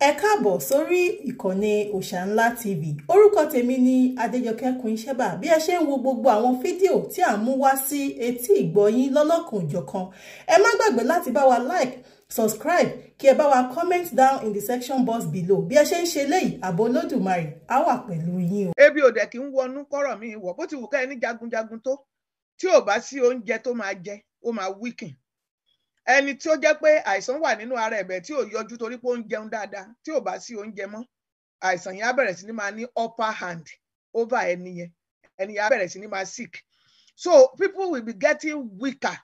ẹ káàbọ̀ sórí ìkànnì Òòṣàńlá TV orúkọ tèmi ni Adéjọkẹ́ Kúnṣẹ́bà bí ẹ ṣe ń wo gbogbo àwọn fídíò tí à ń mú wá sí etí ìgbọ̀yín lọ́lọ́kùn òjọ̀kan ẹ má gbàgbé láti bá wa like subscribe kí ẹ bá wa comment down in the section box below bí ẹ ṣe ń ṣe léyìí ààbò Olódùmarè á wà pẹ̀lú yín o. ebi ò dẹ̀ kí ń wọnú kọ́rọ̀ mi wọ̀ bó ti wù ká ẹni jagunjagun tó tí ò bá sí oúnjẹ tó máa jẹ ó máa wíkìn ẹni tí ó jẹ́ pé àìsàn wà nínú ara ẹ̀bẹ̀ tí ò yọjú torí pé ó ń jẹun dáadáa tí ò bá sí oúnjẹ mọ́ àìsàn yẹn á bẹ̀rẹ̀ sí ni máa ní upper hand over ẹni yẹn ẹni yẹn better. bẹ̀rẹ̀ sí ni sick so people will be getting weaker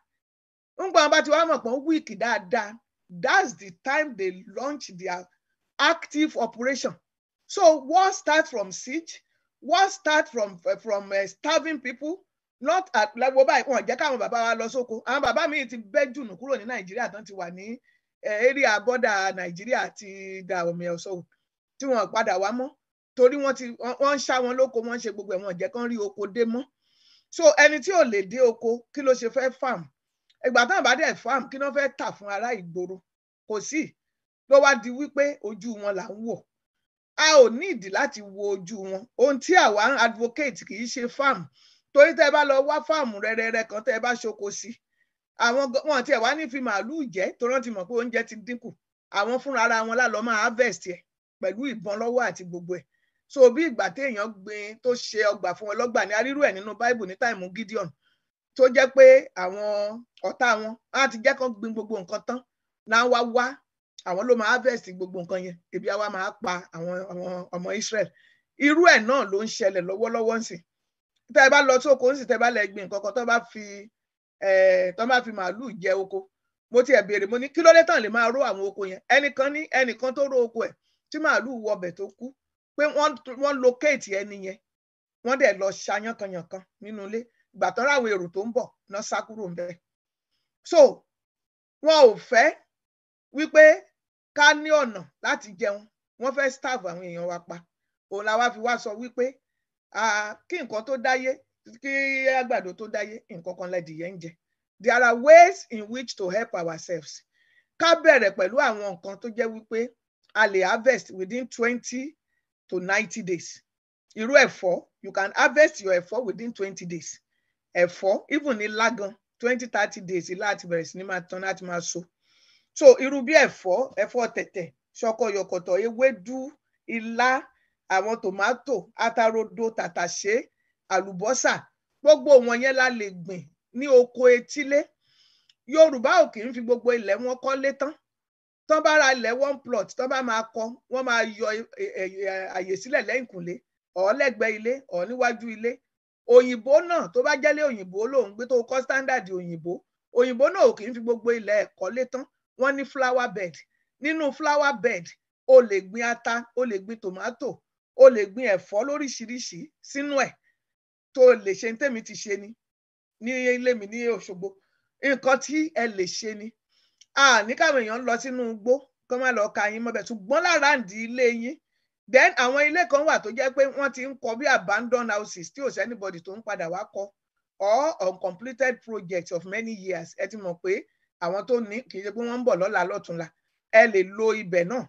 ńgbà wọn bá ti wá mọ̀ pé weak dáadáa that's the time they launch their active operation so what start from siege What start from from uh, starving people Not at lágbo báyìí wọn jẹ́ káwọn bàbá wa lọ sóko àwọn bàbá mi ti bẹ́ jùnù kúrò ní nàìjíríà tán ti wà ní eh, area bọ́dà nàìjíríà ti Dahomey Osoro tí wọn padà wá mọ́ torí wọ́n ti wọ́n ń ṣá wọn lóko wọ́n ń ṣe gbogbo ẹ̀ wọ́n jẹ́ kán rí oko dé mọ́ so ẹni tí ò lè dé oko kí ló ṣe fẹ́ farm ìgbà táwọn bá dẹ̀ farm kí ló fẹ́ tà fún ará ìgboro kò sí ló wá di wípé ojú wọn là ń wò a ò ní ìdí láti wo ojú wọn ohun tí àwa advocate kì í ṣe farm torí tẹ́ ẹ bá lọ wá fáàmù rẹrẹrẹ kan tẹ́ ẹ bá ṣoko sí àwọn wọn tiẹ̀ wá ní fi màálùú jẹ tó rántí mọ̀ pé oúnjẹ ti dínkù àwọn fúnra ara wọn lálọ máa harvest ẹ pẹ̀lú ìbọn lọ́wọ́ àti gbogbo ẹ̀ so bí ìgbà téèyàn gbin tó ṣe ọgbà fún ọlọ́gbà ní arírú ẹ̀ nínú báìbù ní táìmù Gideon tó jẹ́ pé àwọn ọ̀tá wọn á ti jẹ́ kán gbin gbogbo nǹkan tán náà wá wá àwọn ló máa harvest gbogbo nǹkan yẹn ebi àwa máa pa àwọn ọmọ Israel irú ẹ̀ náà ló ń ṣẹlẹ̀ lọ́wọ́lọ́wọ́ nsìn tẹ́ ẹ bá lọ sí oko ń sì tẹ́ ẹ bá lẹ gbìn nǹkan kan tó bá fi tó bá fi màálù jẹ oko mo tiẹ̀ béèrè mo ní kí ló dé tán lè máa ró àwọn oko yẹn ẹnìkan ní ẹnìkan tó ró oko ẹ̀ tí màálù wọ ọbẹ̀ tó kú pé wọ́n locate ẹni yẹn wọ́n dẹ̀ lọ ṣayánkanyankan nínú ilé ìgbà tán ráwọn èrò tó ń bọ̀ náà sá kúrò so wọn ò fẹ́ wípé ká ní ọ̀nà láti jẹun wọ́n fẹ́ starve àwọn èèyàn wa pa òun la fi wá sọ wípé kí nǹkan tó dáyé kí àgbàdo tó dáyé nǹkan kan lẹ́dìyẹ ń jẹ there are ways in which to help ourselves ká bẹ̀rẹ̀ pẹ̀lú àwọn nǹkan tó jẹ́ wípé a lè harvest within twenty to ninety days irú ẹ̀fọ́ you can harvest your ẹ̀fọ́ within twenty days ẹ̀fọ́ even ní lágan twenty thirty days ilá àti bẹ̀rẹ̀ sí ní máa tán láti máa so so irú bí ẹ̀fọ́ ẹ̀fọ́ tẹ̀tẹ̀ ṣọkọ yọ̀kọ̀tọ̀ ewédú ilá àwọn tòmátò atarodo tàtàṣé àlùbọ́sà gbogbo wọn yẹn la lè gbìn ní oko etílé yorùbá ò kì í fi gbogbo ilẹ̀ wọn kọ́lé tán tán bá ra ilẹ̀ one plot tán bá máa kọ́ wọ́n máa yọ àyè sílẹ̀ lẹ́yìnkùlé ọ̀ọ́lẹ́gbẹ̀ẹ́ ilé ọ̀ọ́níwájú ilé òyìnbó náà tó bá jẹ́lé òyìnbó lòun gbé tó kọ́ standard òyìnbó òyìnbó náà ò kì í fi gbogbo ilẹ̀ kọ́lé tán wọ́n ní flower bed nínú flower bed o lè gbin ata o lè gbin tomato o lè gbin ẹ̀fọ́ lóríṣiríṣi sínú ẹ̀ tó lè ṣe ní tèmi ti ṣe ni ní ilé mi ní Òṣogbo nǹkan tí ẹ lè ṣe ni àní káwọn èèyàn lọ sínú igbó kó má lọ ka yín mọ́bẹ̀ ṣùgbọ́n lára ǹdí ilé yín then àwọn ilé kan wà tó jẹ́ pé wọ́n ti ń kọ́ bí abandoned houses tí ò sí anybody tó ń padà wá kọ́ or uncompleted projects of many years ẹ ti mọ̀ pé àwọn tó ní kì í ṣe pé wọ́n ń bọ̀ lọ́la lọ́túnla ẹ lè lo ibẹ̀ náà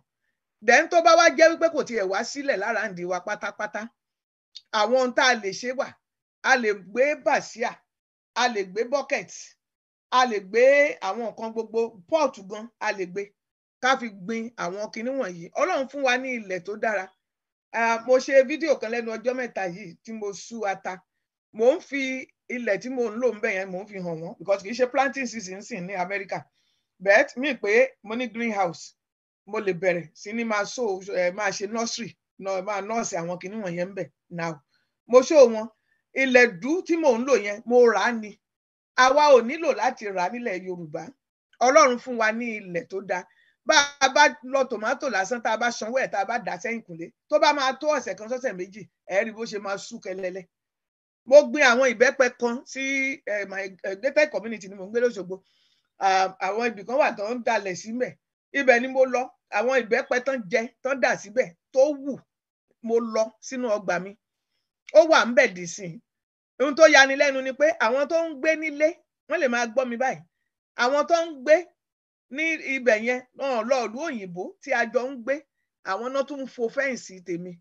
then tó bá wá jẹ́ wípé kò tiẹ̀ wá sílẹ̀ lára ń di wa pátápátá àwọn ohun tá a lè ṣe wà a lè gbé bàṣíà a lè gbé bucket a lè gbé àwọn nǹkan gbogbo pọ́ọ̀tù gan a lè gbé ká fi gbin àwọn kinní wọ̀nyí ọlọ́run fún wa ní ilẹ̀ tó dára mo ṣe fídíò kan lẹ́nu ọjọ́ mẹ́ta yìí tí mo sú ata mo ń fi ilẹ̀ tí mo ń lò ń bẹ̀ yẹn mo ń fi hàn wọ́n because kì í ṣe planting season sì ní America but mi pé mo ní greenhouse mo lè bẹ̀rẹ̀ sí ní máa so ẹ máa ṣe nursery náà máa nọ́ọ̀sì àwọn kinní wọ̀nyẹn ń bẹ̀ now mo show wọn ilẹ̀ dú tí mò ń lò yẹn mo rà á ni àwa ò nílò láti rà á nílẹ̀ Yorùbá Ọlọ́run fún wa ní ilẹ̀ tó dáa bá a bá lọ tòmátò lásán tá a bá sanwó ẹ̀ tá a bá dà sẹ́yìn kùlé tó bá máa tó ọ̀sẹ̀ kan sọ́sẹ̀ méjì ẹ̀ rí bó ṣe máa sú kẹlẹ́lẹ́ mo gbin àwọn ìbẹ́pẹ kan sí my community ni mo ń gbé lóṣogbo àwọn ibì kan wà tó ń dalẹ̀ símẹ̀ ibẹ̀ ni mo lọ àwọn ìbẹ́pẹ tán jẹ tán dà síbẹ̀ tó wù mo lọ sínú ọgbà mi ó wà ń bẹ̀ dì sí i ohun tó yani lẹ́nu ni pé àwọn tó ń gbé nílé wọ́n lè máa gbọ́ mi báyìí àwọn tó ń gbé ní ibẹ̀ yẹn náà lọ́ọ̀lù òyìnbó tí a jọ ń gbé àwọn náà tún ń fo fẹ́ǹsì tèmi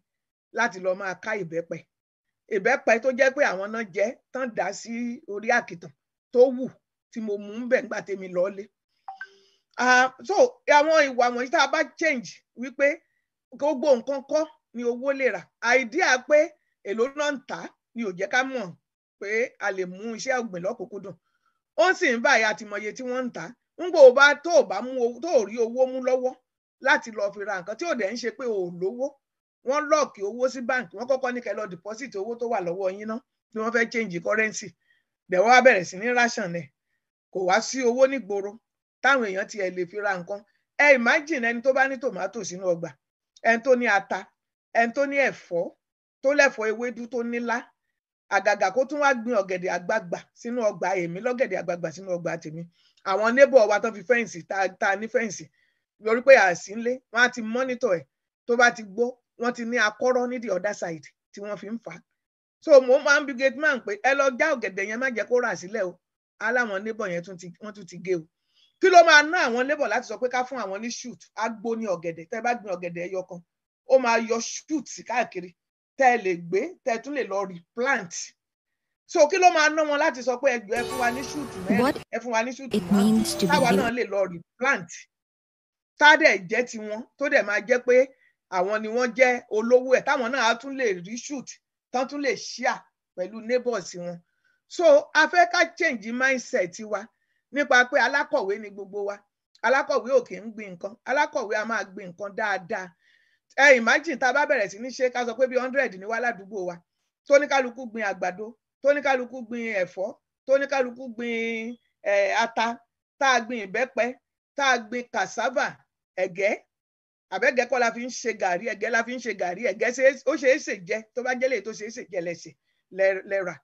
láti lọ́ọ́ máa ká ìbẹ́pẹ ìbẹ́pẹ tó jẹ́ pé àwọn náà jẹ tán dà sí orí àkìtàn tó wù tí mo mú ń bẹ̀ ńgbà tèmi lọ́ọ́lé Ah, so àwọn ìwà wọ̀nyí tá a bá change wípé gbogbo nǹkan kọ́ ni owó lè rà àìdíà pé èlò náà ń tà ni ò jẹ́ ká mọ̀ pé a lè mú iṣẹ́ ọ̀gbìn lọ́kùnkúndùn ó sì ń báyìí àtìmọye tí wọ́n ń tà ń gbò bá tó ò bá mú tó ò rí owó mú lọ́wọ́ láti lọ́ọ́ fi ra nǹkan tí ò dẹ̀ ń ṣe pé ò lówó wọ́n lọ́ọ̀kì owó sí báǹkì wọ́n kọ́kọ́ ní kẹ́ lọ deposit owó tó wà lọ́wọ́ yín ná bí wọ́n fẹ́ change currency dẹ̀ wọ́n á bẹ̀rẹ̀ sí ní ration ẹ̀ kò wá sí owó nígboro táwọn èèyàn tiẹ̀ lè fi ra nǹkan ẹ imagine ẹni tó bá ní tòmátò sínú ọgbà ẹni tó ní ata ẹni tó ní ẹ̀fọ́ tó lẹ̀fọ́ ewédú tó nílá àgàgà kó tún wá gbin ọ̀gẹ̀dẹ̀ àgbagbà sínú ọgbà èmi lọ́gẹ̀dẹ̀ àgbagbà sínú ọgbà tèmi àwọn neighbor wa tó fi fẹ́ǹsì ta ta ní fẹ́ǹsì lórí pé àsì ńlé wọ́n á ti monitor ẹ̀ tó bá ti gbó wọ́n ti ní akọ́rọ́ ní the other side tí wọ́n fi ń fà so mo máa ń bi gate man pé ẹ lọ já ọ̀gẹ̀dẹ̀ yẹn má jẹ́ kó rà sílẹ̀ o aláwọn neighbor yẹn tún ti gé o kí ló máa ná àwọn labour láti sọ pé ká fún àwọn ní shoot agbo ní ọ̀gẹ̀dẹ̀ tẹ́ bá gbin ọ̀gẹ̀dẹ̀ ẹyọ kan ó máa yọ shoot káàkiri tẹ́ lè gbé tẹ́ tún lè lọ replant so kí ló máa ná wọn láti sọ pé ẹgbẹ́ ẹ fún wa ní shoot mẹ́rin ẹ fún wa ní shoot márùn táwa náà lè lọ replant tá dẹ̀ jẹ́ tiwọn tó dẹ̀ máa jẹ́ pé àwọn ni wọ́n jẹ́ olówó ẹ̀ táwọn náà á tún lè rí shoot tán tún lè ṣíà pẹ̀lú neighbors wọn so a fẹ́ ká change mindset wa nípa pé alákọ̀wé ni gbogbo wa alákọ̀wé ò kì í gbin nǹkan alákọ̀wé a máa gbin nǹkan dáadáa ẹ imagine tá a bá bẹ̀rẹ̀ sí ní ṣe ká sọ pé bí hundred ni wá ládùúgbò wa tóníkálukú gbin àgbàdo tóníkálukú gbin ẹ̀fọ́ tóníkálukú gbin ata tá a gbin ìbẹ́pẹ tá a gbin cassava ẹ̀gẹ́ àbẹ́gẹ́ kọ́ la fi ń ṣe gàrí ẹ̀gẹ́ la fi ń ṣe gàrí ẹ̀gẹ́ ó ṣe é sè jẹ tó bá jẹ́ lè tó ṣe é sè jẹ lẹ́sẹ̀ lẹ́ra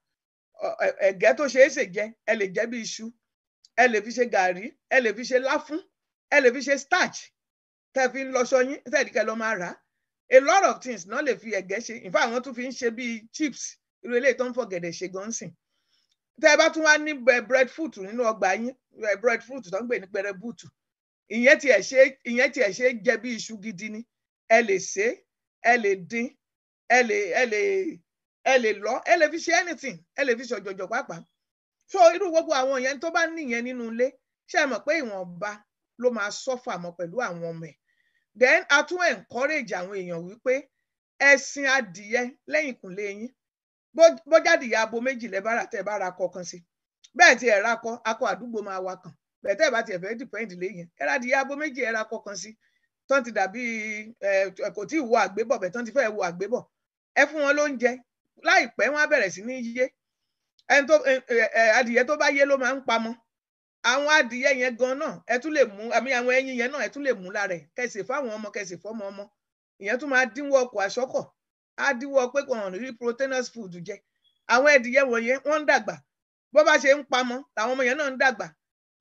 ẹ̀gẹ́ tó ṣe é sè jẹ ẹ lè jẹ bí iṣu ẹ lè fi ṣe gàrí ẹ lè fi ṣe láfún ẹ lè fi ṣe starch tẹ́ fi ń lọṣọ yín tẹ́ lọ máa rà á a lot of things náà lè fi ẹ̀gẹ́ ṣe in fact àwọn tún fi ń ṣe bíi chips irú eléyìí tó ń fọ gẹ̀dẹ̀ ṣe gan sìn tẹ́ ẹ bá tún wá ní eh, bread fruit nínú ọgbà yín eh, bread fruit tó ń gbè ní pẹrẹbùtù ìyẹn tiẹ̀ ṣe ìyẹn tiẹ̀ ṣe jẹ bí iṣu gidi ni ẹ lè ṣe ẹ lè dín ẹ lè ẹ lè lọ ẹ lè fi ṣe anything ẹ lè fi ṣe ọ̀jọ̀jọ̀ pàápàá so irú gbogbo àwọn yẹn tó bá nìyẹn nínú ilé ṣe mọ̀ pé ìwọ̀nba ló máa sọ́fà mọ́ pẹ̀lú àwọn ọmọ ẹ̀ then a tún encourage àwọn èèyàn wípé ẹ̀sìn adìyẹ lẹ́yìn ìkùnlé yín bójáde ìyá abo méjì lẹ́ bára tẹ́ bá ra kọ kan sí bẹ́ẹ̀ tí ẹ̀ ra kọ akọ àdúgbò máa wà kàn bẹ́ẹ̀ tẹ́ ẹ̀ bá tiẹ̀ fẹ́ dìpẹ́ǹdì léyìn ẹ̀ ra adìyẹ abo méjì ẹ̀ ra kọ kan sí tán ti dàbí ẹ̀ kò tí ì wo àgbébọ̀ bẹ̀ tán ti fẹ́ wo àgbébọ̀ ẹ fún wọn lóúnjẹ láìpẹ́ wọn á bẹ̀rẹ̀ sí ní yé ẹni tó adìyẹ tó bá yé ló máa ń pamọ́ àwọn adìyẹ yẹn gan náà ẹ tún lè mú àmì àwọn ẹyin yẹn náà ẹ tún lè mú lára ẹ kẹsì fáwọn ọmọ kẹsì fọmọ ọmọ ìyẹn tún máa dínwó ọkọ̀ àṣọ́kọ̀ á dínwó pé kò hàn rí proteinous food jẹ àwọn adìyẹ wọ̀nyẹn wọ́n ń dàgbà bó bá ṣe ń pamọ́ làwọn ọmọ yẹn náà ń dàgbà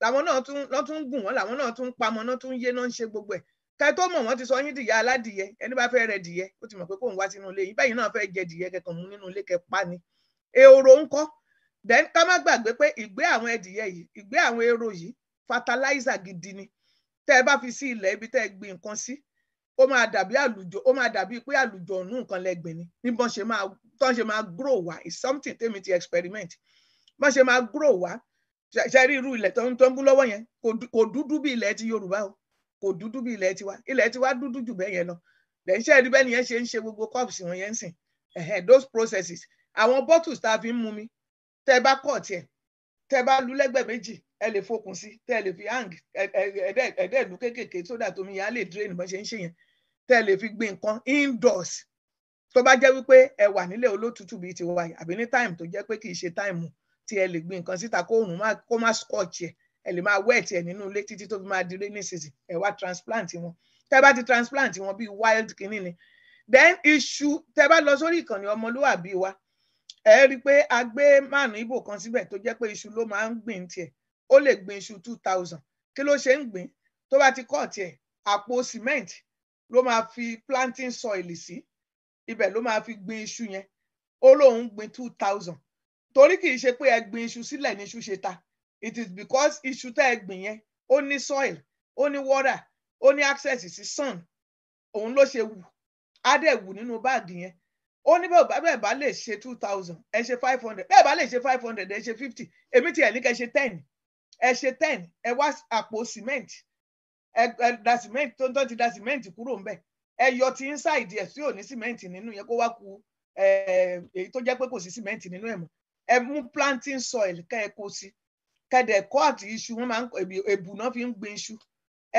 làwọn náà tún lọ́ tún gùn wọ́n làwọn náà tún pamọ́ náà tún yé náà ń ṣe gbogbo ẹ̀ ká tó mọ̀ wọ́n ti sọ yín dìyà aládìyẹ ẹni bá fẹ́ rẹ dìyẹ ó ti mọ̀ pé kóun wá sínú ilé yín báyìí náà fẹ́ jẹ dìyẹ kẹkàn mú nínú ilé kẹ pa ni ehoro ńkọ́ then ká má gbàgbé pé ìgbé àwọn ẹdìyẹ yìí ìgbé àwọn èrò yìí fertilizer gidi ni tẹ́ ẹ bá fi sí ilẹ̀ ibi tẹ́ ẹ gbin nǹkan sí ó máa dàbí àlùjọ ó máa dàbí pé àlùjọ ọ̀nù nǹkan lẹ́gbìn ni ní bọ́n ṣe máa bọ́n ṣe máa grow wá is something tèmi ti experiment bọ́n ṣe máa grow wá ṣe rí irú ilẹ̀ tó ń tó ń gún lọ́wọ́ yẹn kò dúdú bí ilẹ̀ ti Yorùbá o kò dúdú bí ilẹ̀ tiwa ilẹ̀ tiwa dúdú jù bẹ́ẹ̀ yẹn lọ lẹ́ ń ṣe ẹni bẹ́ẹ̀ ni yẹn ṣe ń ṣe gbogbo cups wọn yẹn ń sìn those processes àwọn bottles tá a fi ń mu mi tẹ́ ẹ bá kọ̀ tiẹ̀ tẹ́ ẹ bá lu lẹ́gbẹ̀ẹ́ méjì ẹ lè fokùn sí tẹ́ ẹ lè fi hang ẹ̀ẹ́dẹ́ ìlú kéékèèké sódà tómi yẹn á lè drain bọ́n ṣe ń ṣe yẹn tẹ́ ẹ lè fi gbin nǹkan indoors tó bá jẹ́ wípé ẹ wà nílé olótùtù bíi ti wáyà àbí ní time tó jẹ́ pé kì í ṣe time tí ẹ lè gbin nǹkan síta kó òrùn kó má scorch ẹ ẹ lè máa wẹ̀ tiẹ̀ nínú ilé títí tó fi máa di rainy season ẹ wá transplant wọn tẹ́ bá ti transplant wọn bíi wild kinní ni then iṣu tẹ́ bá lọ sórí ìkànnì ọmọlúwàbí wa ẹ rí i pé a gbé máàlù ibo kan síbẹ̀ tó jẹ́ pé iṣu ló máa ń gbìn tiẹ̀ ó lè gbìn iṣu two thousand kí ló ṣe ń gbìn tó bá ti kọ́ tiẹ̀ àpò cement ló máa fi planting soil sí ibẹ̀ ló máa fi gbìn iṣu yẹn ó lóun gbìn two thousand torí kì í ṣe pé ẹ gbìn iṣu sílẹ̀ ní iṣu ṣe ta it is because iṣu tá ẹ gbìn yẹn ó ní soil ó ní water ó ní access sí sun òun ló ṣe wù á dẹ̀ wù nínú báàgì yẹn ó ní bẹ́ẹ̀ bá lè ṣe two thousand ẹ ṣe five hundred bẹ́ẹ̀ bá lè ṣe five hundred ẹ ṣe fifty èmi tiẹ̀ ní kẹ́ ṣe ten ẹ ṣe ten ẹ wá àpò cement ẹ da cement tó ń tọ́ ti da cement kúrò ń bẹ̀ ẹ yọ ti inside ẹ̀ sí òní cement nínú yẹn kó wá ku èyí tó jẹ́ pé kò sí cement nínú ẹ̀ mọ́ ẹ mú planting soil kẹ́ ẹ kó sí kẹ́dẹ̀ kọ́ọ̀tì iṣu wọn máa ń èbù náà fi ń gbin iṣu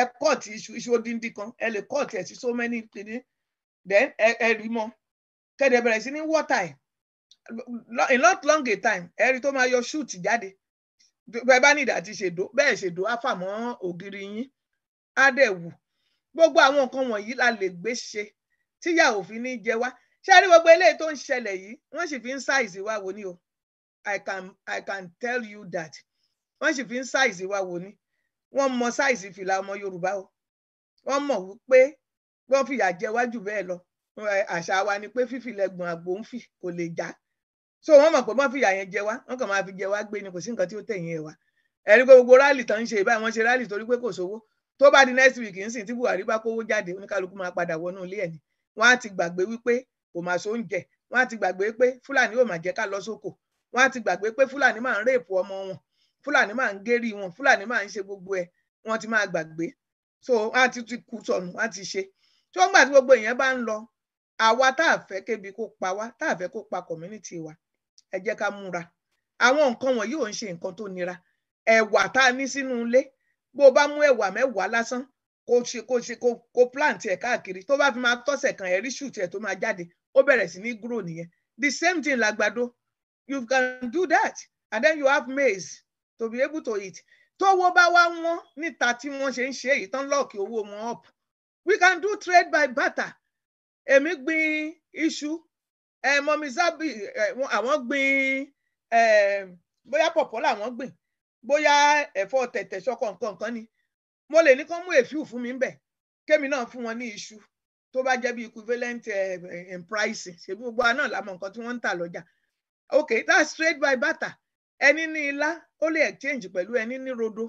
ẹ kọ́ọ̀tì iṣu iṣu odindi kan ẹ lè kọ́ọ̀tì ẹ̀ sí so many kìíní then ẹ rí mọ́ kẹ́dẹ̀ bẹ̀rẹ̀ sí ní wọ́tà ẹ̀ in not long a time ẹ̀rí tó máa yọ shoot jáde bẹ́ẹ̀ bá ní ìdàtí ṣèdó bẹ́ẹ̀ ṣèdó á fà mọ́ ògiri yín á dẹ̀ wù gbogbo àwọn nǹkan wọ̀nyí la lè gbé ṣe tíyà òfin ní jẹ wá ṣé rí gbogbo eléyìí tó ń ṣẹlẹ̀ yìí wọ́n sì fi ń ṣàìsí wa wò ni o I can I can tell you that wọ́n sì fi ń ṣàìsí wa wò ni wọ́n mọ ṣàìsí fìlà ọmọ Yorùbá o wọ́n mọ̀ wípé wọ́n fìyà jẹ wá jù bẹ́ẹ̀ lọ Eh, àṣà wa ni pé fífilẹ̀gbọ̀n àgbò ń fì kò lè já so wọ́n mọ̀ pé wọ́n fìyà yẹn jẹ wá wọ́n kàn máa fi jẹ wá gbé ni kò sí nǹkan tí ó tẹ̀yìn ẹ̀ wá ẹni pé gbogbo rálì tán ń ṣe báyìí wọ́n ṣe rálì torí pé kò sówó tó bá di next week nsìn tí Buhari bá kówó jáde oníkálukú máa padà wọnú ilé ẹ̀ ni wọ́n á ti gbàgbé wípé kò máa so oúnjẹ wọ́n á ti gbàgbé pé Fúlàní ò máa jẹ́ ká lọ sóko wọ́n á ti gbàgbé pé Fúlàní máa ń réèpù ọmọ wọn Fúlàní máa ń gérí wọn Fúlàní máa ń ṣe gbogbo ẹ̀ wọ́n ti máa gbàgbé so wọ́n á ti kú sọnù wọ́n á ti ṣe tí wọ́n gbà tí gbogbo ìyẹn bá ń lọ àwa tá a fẹ́ kébi kó pa wá tá a fẹ́ kó pa community wa ẹ jẹ́ ká múra àwọn nǹkan wọ̀nyí ò ń ṣe nǹkan tó nira ẹ̀wà tá a ní sínú ilé bó o bá mú ẹ̀wà mẹ́wàá lásán kó ṣe kó ṣe kó plant ẹ̀ káàkiri tó bá fi máa tọ́sẹ̀ kan ẹ̀rí ṣùtì ẹ̀ tó máa jáde ó bẹ̀rẹ̀ sí ní grow nìyẹn the same thing làgbàdo you can do that and then you have maize to be able to eat tówó bá wá wọ́n níta tí wọ́n ṣe ń ṣe èyí tán lọ́ọ̀kì owó wọn up we can do trade by barter èmi gbin iṣu mọmi Zabby àwọn gbin bóyá pọ̀pọ́ làwọn gbìn bóyá ẹ̀fọ́ tẹ̀tẹ̀ ṣọkọ nǹkan ni mo lè ní kán mú èéfíù fún mi ń bẹ̀ kémi náà fún wọn ní iṣu tó bá jẹ́ bí equivalent in pricing ṣe gbogbo àná làmọ̀ nǹkan tí wọ́n ń tà lọ́jà okay that's trade by barter ẹni ní ilá ó lè exchange pẹ̀lú ẹni ní rodo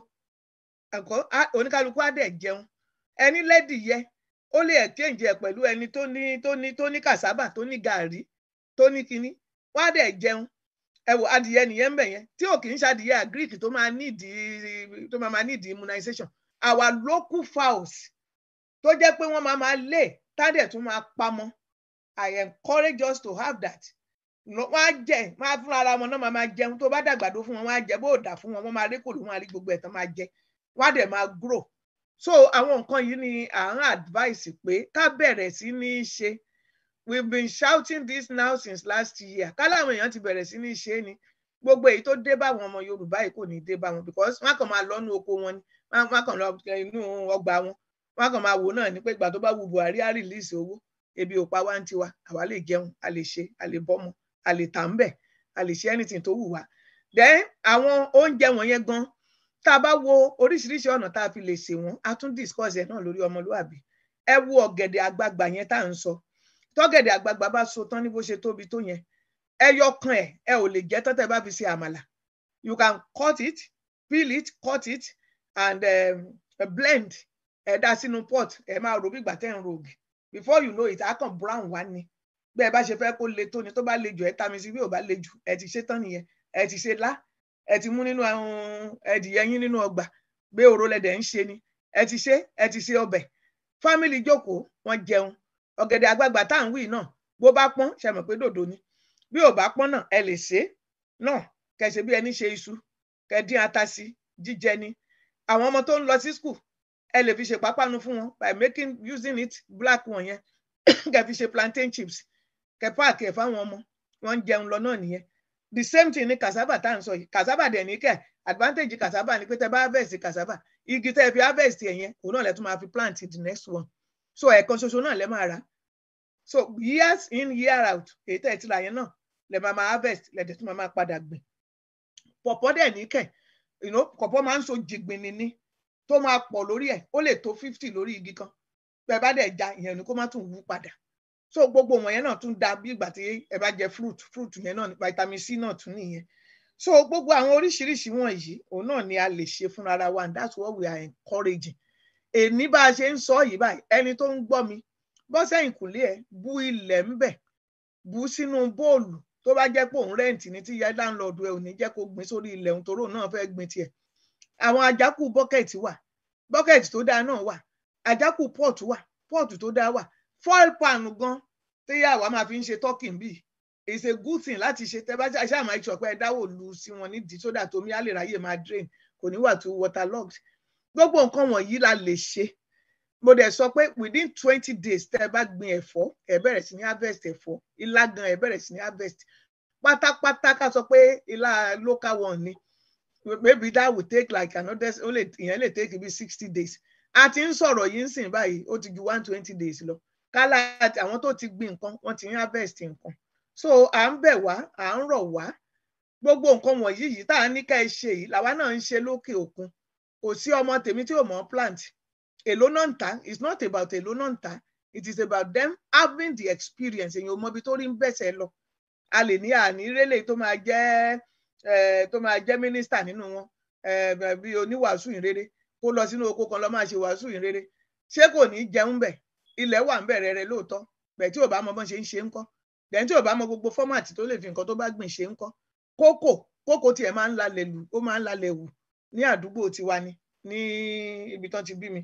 oníkálukú á dẹ̀ jẹun ẹni lẹ́dìyẹ ó lè exchange ẹ̀ pẹ̀lú ẹni tó ní tó ní tó ní cassava tó ní gàrí tó ní kinní wọ́n á dẹ̀ jẹun ẹ wò adìyẹ nìyẹn ń bẹ̀ yẹn tí ò kì í ṣadìyẹ agric tó máa nídìí tó máa máa nídìí immunization our local fowls tó jẹ́ pé wọ́n máa máa lé tádẹ̀ tún máa pamọ́ I encourage us to have that wọ́n á jẹ wọ́n á fúnra ara wọn náà máa máa jẹun tó bá dàgbàdo fún wọn wọ́n á jẹ bó dà fún wọn wọ́n máa rí kòló wọ́n á ẹ̀ tán máa jẹ wọ́n á dẹ̀ máa grow so àwọn nǹkan yìí ni à ń advice pé ká bẹ̀rẹ̀ sí ní í ṣe we been shouting this now since last year káláwọn èèyàn ti bẹ̀rẹ̀ sí ní í ṣe ni gbogbo èyí tó dé báwọn ọmọ Yorùbá yìí kò ní dé báwọn because wọn kàn máa lọ́nu oko wọn ni wọn kàn lọ inú ọgbà wọn wọn kàn máa wò náà ni pé ìgbà tó bá wu Buhari á rìlíìsì owó ebi ò wa wá ń tiwa àwa lè jẹun a lè ṣe a lè bọ́mọ a lè tà ń bẹ̀ a lè ṣe anything tó wù wá then àwọn oúnjẹ wọ̀nyẹn gan-an tá a bá wo oríṣiríṣi ọ̀nà tá a fi lè ṣe wọ́n a tún discuss ẹ̀ náà lórí ọmọlúwàbí ẹ wo ọ̀gẹ̀dẹ̀ àgbagbà yẹn tá à ń sọ tọ́gẹ̀dẹ̀ àgbagbà bá so tán ní bó ṣe tóbi tó yẹn ẹ yọ kan ẹ ẹ ò lè jẹ tán tẹ bá fi ṣe àmàlà you can cut it peel it cut it and um, blend ẹ dá sínú pot ẹ máa rò bí ìgbà tẹ́ ń ro ògì before you know it á kàn brown wá ni bẹ́ẹ̀ bá ṣe fẹ́ kó le tó ni tó bá le jù ẹ ta bí ò bá le jù ẹ ti ṣe tán nìyẹn ẹ ti ṣe lá ẹ ti mú nínú ẹdìyẹ yín nínú ọgbà gbé òró lẹdẹ ń ṣe ni ẹ ti ṣe ẹ ti ṣe ọbẹ̀ fámìlì jókòó wọ́n jẹun ọ̀gẹ̀dẹ̀ àgbagbà tá à ń wí náà bó bá pọ́n ṣe mọ̀ pé dòdò ni bí ò bá pọ́n náà ẹ lè ṣe náà kẹsẹ bí ẹni ṣe iṣu kẹdín ata jíjẹ ni àwọn ọmọ tó ń lọ sí school ẹ lè fi ṣe pápánu fún wọn by making using it black wọn yẹn kẹ fi ṣe plantain chips kẹ páàkì ẹ fáwọn ọmọ wọ́n ń jẹun lọ náà nìyẹn the same thing ni cassava tá à ń sọ yìí cassava dẹ̀ ní kẹ̀ advantage cassava ni pé tẹ́ bá harvest cassava igi tẹ́ fi harvest ẹ̀yẹn òun náà lẹ́ tún máa fi plant the next one so ẹ̀ẹ̀kan ṣoṣo náà lẹ́ máa rà so years in year out èyí tẹ́ ẹ ti rà yẹn náà lẹ́ máa máa harvest lẹ́ dẹ̀ tún máa máa padà gbìn pọ̀pọ́ dẹ̀ ní kẹ̀ pọ̀pọ́ máa ń so jìgbìnì ni tó máa pọ̀ lórí ẹ̀ ó lè tó fifty lórí igi kan bẹ́ẹ̀ bá dẹ̀ ja ìyẹn ni kó má tún wú padà so gbogbo wọ̀nyẹn náà tún da bí ìgbà tí ẹ bá jẹ fruit fruit yẹn náà vitamin C náà tún nìyẹn so gbogbo àwọn oríṣiríṣi wọ̀nyí òun náà ni a lè ṣe fúnra wa and that's what we are encouraging èní bá a ṣe ń sọ yìí báyìí ẹni tó ń gbọ́ mi bọ́ sẹ́yìn kùlé ẹ̀ bu ilẹ̀ ń bẹ̀ bu sínú bóòlù tó bá jẹ́ pé òun rẹ́ǹtì ní tí láńlọ́ọ̀dù ẹ̀ ò ní jẹ́ kó gbin sórí ilẹ̀ òun toró náà fẹ́ gbin tiẹ̀ àwọn àjákù bọ́kẹ̀tì wà bọ́kẹ̀tì tó dáa náà wà àjákù pọ́ọ̀tù wà pọ́ọ̀tù tó dáa wà foil pan gan téyà wa máa fi ń ṣe talking bíi it's a good thing láti ṣe tẹ bá ṣe àṣà máa ṣọpẹ ẹ dáwò lu sí wọn nídìí sódà tómi á lè ráyè máa drain kò ní wà tó waterlogged gbogbo nǹkan wọ̀nyí la lè ṣe mo dẹ̀ sọ pé within twenty days tẹ́ ẹ bá gbin ẹ̀fọ́ ẹ bẹ̀rẹ̀ sí ní harvest ẹ̀fọ́ ilá gan ẹ bẹ̀rẹ̀ sí ní harvest pátápátá ká sọ pé ilá local one ni maybe that will take like another ó lè ìyẹn lè take bí sixty days a ti ń sọ̀rọ̀ yìí ń sìn báyìí ó ti ju one twenty days lọ kálá àwọn tó ti gbin nǹkan wọ́n ti ń harvest nǹkan so à ń bẹ̀ wá à ń rọ̀ wá gbogbo nǹkan wọ̀nyí yìí tá a ní ká ẹ ṣe yìí làwa náà ń ṣe lókè òkun kò sí ọmọ tèmi tí ò mọ̀ plant èló náà ń ta it's not about èló náà ń ta it is about them having the experience èyàn ò mọ ibi tó rí ń bẹ̀sẹ̀ lọ a lè ní àní rélé tó máa jẹ́ tó máa jẹ́ mínísítà nínú wọn bí oníwàásù ìrere kó lọ sínú oko kan lọ máa ṣe wàásù ìrere ṣé kò ní jẹun bẹ́ẹ̀ ilẹ̀ wà ń bẹ̀rẹ̀ rẹ lóòótọ́ bẹ̀ tí ò bá mọ bọ́n ṣe ń ṣe ń kọ́ bẹ̀ẹ́ tí ò bá mọ gbogbo fọ́màtì tó lè fi nǹkan tó bá gbìn ṣe ń kọ́ kókò kókò tiẹ̀ máa ń lalẹ̀ lù ó máa ń lalẹ̀ wù ní àdúgbò tiwa ni ní ibi tán ti bí mi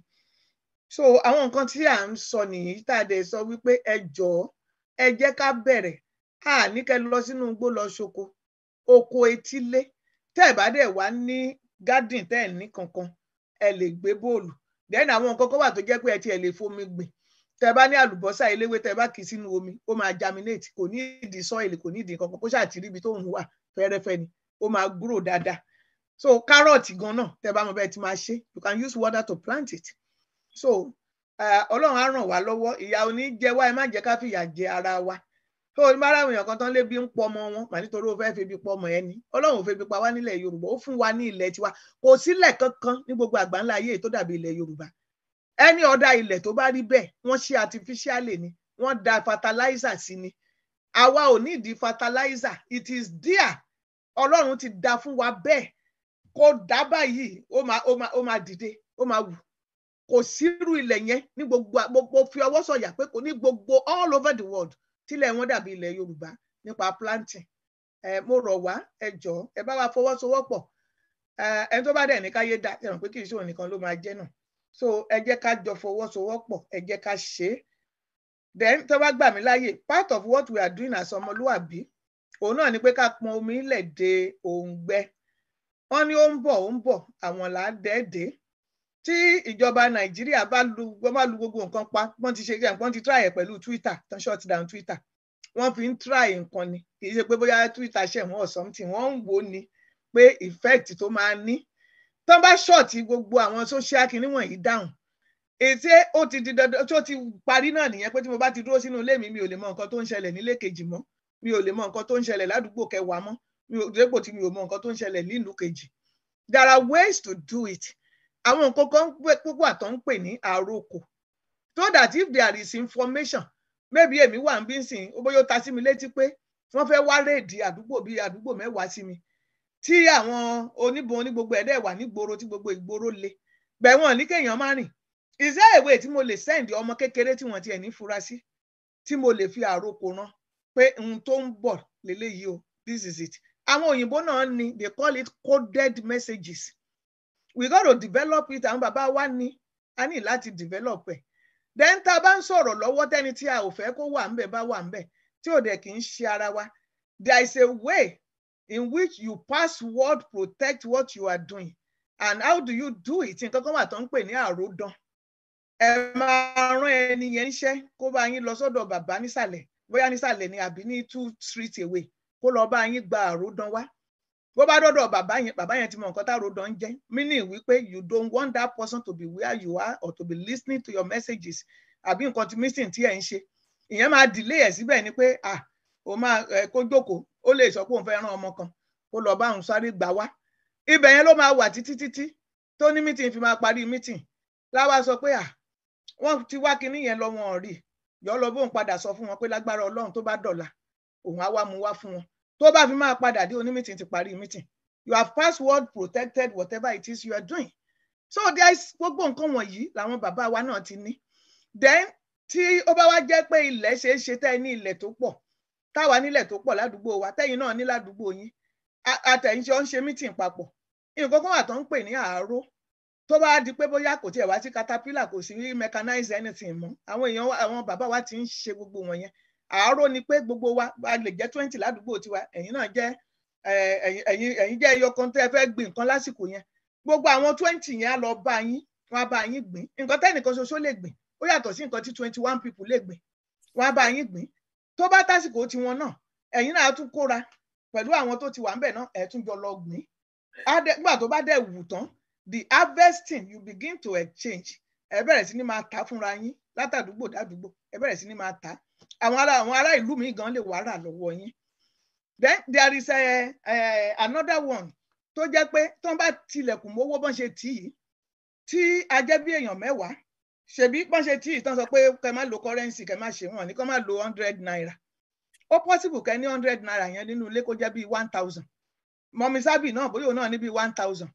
so àwọn nǹkan tí à ń sọ nìyí tá a dẹ̀ sọ wípé ẹ jọ̀ọ́ ẹ jẹ́ ká bẹ̀rẹ̀ a ní kẹ́ lọ sínú igbó lọ ṣoko oko etílé tẹ́ ẹ̀ bá dẹ̀ wá ní garden tẹ́ ẹ̀ ní kankan ẹ lè gbé bóòlù then àwọn nǹkan kan wà tó jẹ́ pé ẹ tiẹ̀ lè fomi gbìn tẹ bá ní àlùbọ́sà eléwé tẹ bá kì í sínú omi ó máa germinate kò ní ìdí soil. kò ní ìdí kankan kó ṣàtìrí ibi tó ń wà fẹ́rẹ́fẹ́ ni ó máa grow dáadáa so kárọ̀tì gan náà tẹ bá mọ bẹ́ẹ̀ ti máa ṣe you can use water to plant it so eh, ọlọ́run á ràn wá lọ́wọ́ ìyà ò ní jẹ wá ẹ má jẹ́ ká fìyà jẹ ara wa tó o bára àwọn èèyàn kan tán lébi ń pọ ọmọ wọn mà nítorí o fẹ́ẹ́ febi pọ ọmọ ẹ ni ọlọ́run ò febi pa wá nílẹ̀ yorùbá ó fún wa ní ilẹ̀ tiwa kò sílẹ̀ kankan ní gbogbo àgbáńlá ayé tó dàbí ilẹ̀ yorùbá ẹni ọ̀dà ilẹ̀ tó bá rí bẹ́ẹ̀ wọ́n ṣe artificially ni wọ́n da fertilizer sí ni àwa ò ní ìdí fertilizer it is there ọlọ́run ti da fún wa bẹ́ẹ̀ kó dá báyìí ó máa ó máa ó máa dìde ó máa wù kò sírú ilẹ̀ yẹn ní gbogbo gbogbo fi ọwọ́ sọ̀yà pé kò ní gbogbo all over the world tílẹ̀ wọn dàbí ilẹ̀ yorùbá nípa planting ẹ mo rọ̀ wá ẹ jọ̀ọ́ ẹ bá wa fọwọ́sowọ́pọ̀ ẹ ẹni tó bá dẹ̀ ní káyé dá ẹ ràn pé kì í ṣòro nìkan ló máa jẹ́ náà so ẹ jẹ́ ká jọ fọwọ́sowọ́pọ̀ ẹ jẹ́ ká ṣe é then tó bá gbà mí láàyè part of what we are doing as ọmọlúwàbí òun náà ni pé ká pọn omi ilẹ̀ de òǹgbẹ wọ́n ní ó ń bọ̀ ó ń bọ̀ àwọn là á dẹ́ẹ̀dẹ́ tí ìjọba nàìjíríà bá lu wọ́n bá lu gbogbo nǹkan pa wọ́n ti ṣe jẹ́ wọ́n ti try ẹ̀ pẹ̀lú twitter tán shut down twitter wọ́n fi ń try nǹkan ni kì í ṣe pé bóyá twitter ṣe wọ́n or something wọ́n ń wo ni pé effect tó máa ní tó bá ṣọ̀tì gbogbo àwọn social kìíní wọ̀nyí dáhùn ètè ó ti di dandan tó ti parí náà nìyẹn pé tí mo bá ti dúró sínú ilé mi mi ò lè mọ nǹkan tó ń ṣẹlẹ̀ nílé kejì mọ́ mi ò lè mọ nǹkan tó ń ṣẹlẹ̀ ládùúgbò kẹwàá mọ́ mi ò dépò tí mi ò mọ nǹkan tó ń ṣẹlẹ̀ nílùú kejì there are ways to do it àwọn nǹkan kan púpọ̀ àtọ́ ń pè ní àròkò so that if there is information maybe èmi wà ń bí ń sìn ó bóyá ó ta sí mi létí pé wọ́n fẹ́ wá réèdì àdúgbò bíi àdúgbò mẹ́wàá sí mi tí àwọn oníbo ní gbogbo ẹ̀dẹ́ wà nígboro tí gbogbo ìgboro le bẹ̀wọ̀n ní kéèyàn má rìn ìṣẹ́ ìwé tí mo lè sẹ́ǹdì ọmọ kékeré tí wọ́n ti ẹ̀ ní fura sí tí mo lè fi àròkọ rán pé ohun tó ń bọ̀ lélẹ́yìí o this is it àwọn òyìnbó náà ni they call it coded messages we got to develop it àwọn bàbá wa ni a ní láti develop ẹ̀ then tá a bá ń sọ̀rọ̀ lọ́wọ́ tẹ́ni tí a ò fẹ́ kó wà ńbẹ̀ bá wà ńbẹ̀ tí ò dẹ̀ kì í ṣe ara wa there is a way in which you password protect what you are doing and how do you do it nǹkan kan wà tó ń pè ní àròdàn ẹ máa rán ẹni yẹn níṣẹ́ kó bá yín lọ sọ́dọ̀ bàbá nísàlẹ̀ bóyá nísàlẹ̀ ni àbí ní two street away kó lọ bá yín gba àròdàn wá bó bá dọ́dọ̀ bàbá yẹn bàbá yẹn ti mọ nǹkan táròdàn ń jẹ́ meaning wípé you don't want that person to be where you are or to be listening to your messages àbí nǹkan ti missing tí ẹ ń ṣe ìyẹn máa delay ẹ síbẹ̀ ni pé ah ó máa kó jókòó ó lè sọ pé òun fẹ́ rán ọmọ kan kó lọ bá òun sáré gbà wá ibẹ̀ yẹn ló máa wà títí títí tó ní mítìn fi máa parí mítìn láwa sọ pé à wọ́n ti wá kinní yẹn lọ wọn rí yọ lọ bóun padà sọ fún wọn pé lágbára Ọlọ́run tó bá dọ̀la òun á wá mu wá fún wọn tó bá fi máa padà dé onímítìn ti parí mítìn you have password protected whatever it is you are doing so there is gbogbo nǹkan wọ̀nyí làwọn bàbá wa náà ti ní then tí ó bá wá jẹ́ pé ilẹ̀ ṣeé tẹ́ ẹ ní ilẹ̀ tó pọ̀ táwa nílẹ̀ tó pọ̀ ládùúgbò wa tẹ́yìn náà ní ládùúgbò yín àtẹ̀yìnṣe ó ń ṣe mítìn papọ̀ nǹkan kan wà tó ń pè ní àáró tó bá di pé bóyá kò tiẹ̀ wá sí caterpillar kò sí mechanize anything mọ́ àwọn èèyàn àwọn bàbá wa ti ń ṣe gbogbo wọn yẹn ni pé gbogbo wa a lè jẹ́ twenty ládùúgbò tiwa ẹ̀yin náà jẹ́ ẹ̀yin ẹ̀yin jẹ́ ẹyọ kan tẹ́ ẹ fẹ́ gbìn nǹkan lásìkò yẹn gbogbo àwọn twenty yẹn á lọ bá yín wọn á bá yín gbìn nǹkan tẹ́nìkan ṣoṣo lè gbìn ó yàtọ̀ sí nǹkan tí twenty one people lè gbìn wọn á bá yín gbìn tó bá tásìkò tiwọn náà ẹ̀yin náà á tún kóra pẹ̀lú àwọn tó ti wà ńbẹ̀ náà ẹ tún jọ lọ gbìn nígbà tó bá dẹ̀ wù tán the harvesting you begin to exchange ẹ bẹ̀rẹ̀ sí ni máa ta fúnra yín látàdúgbò dádúgbò ẹ bẹ̀rẹ̀ sí ni máa ta àwọn ará àwọn ará ìlú mi gan lè wá rà lọ́wọ́ yín then there is a, eh, a, eh, another one tó jẹ́ pé tó ń bá tilẹ̀kùn mówó bọ́n ṣe tì í tí ajẹ́ bí èèyàn mẹ́wàá ṣebí pàṣẹ tí ìtàn sọ pé kẹ má lo currency kẹ má ṣe wọn ni kọ má lo hundred naira ó possible kẹ ní hundred naira yẹn nínú ilé kó jẹ́ bíi one thousand mọ̀mí sábì náà bóyá òun náà ní one thousand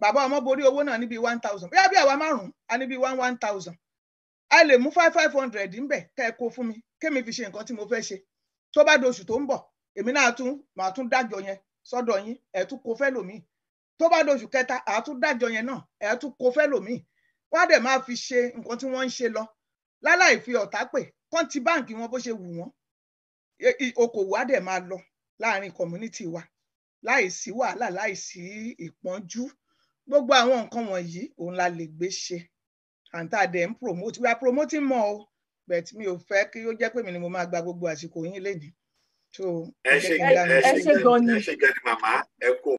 bàbá ọmọ borí owó náà ní one thousand bóyá bí àwa márùn-ún a ní one one thousand a lè mú five five hundred ńbẹ̀ kẹ́ ẹ kó fún mi kémi fi ṣe nǹkan tí mo fẹ́ ṣe tó bá doṣù tó ń bọ̀ èmi náà tún màá tún dájọ yẹn sọ́dọ̀ yín ẹ tún kó fẹ́ lòmíì tó bá doṣù kẹta àá tún dájọ yẹn náà ẹ tún kó fẹ́ lòmíì wọ́n á dẹ̀ máa fi ṣe nǹkan tí wọ́n ń ṣe lọ láláì fi ọ̀tá pè kán ti báǹkì wọn bó ṣe wù wọ́n e, okòwò á dẹ̀ máa lọ láàrin community wa láì sí wàhálà láì sí ìpọ́njú gbogbo àwọn nǹkan wọ̀nyí òun la lè gbé ṣe àǹtá dẹ̀ ń promote we are promoting more o but mi ò fẹ́ kí ó jẹ́ pé mi ni mo máa gba gbogbo àsìkò yín lénìí. ẹ ṣe gan ni màmá ẹ kó.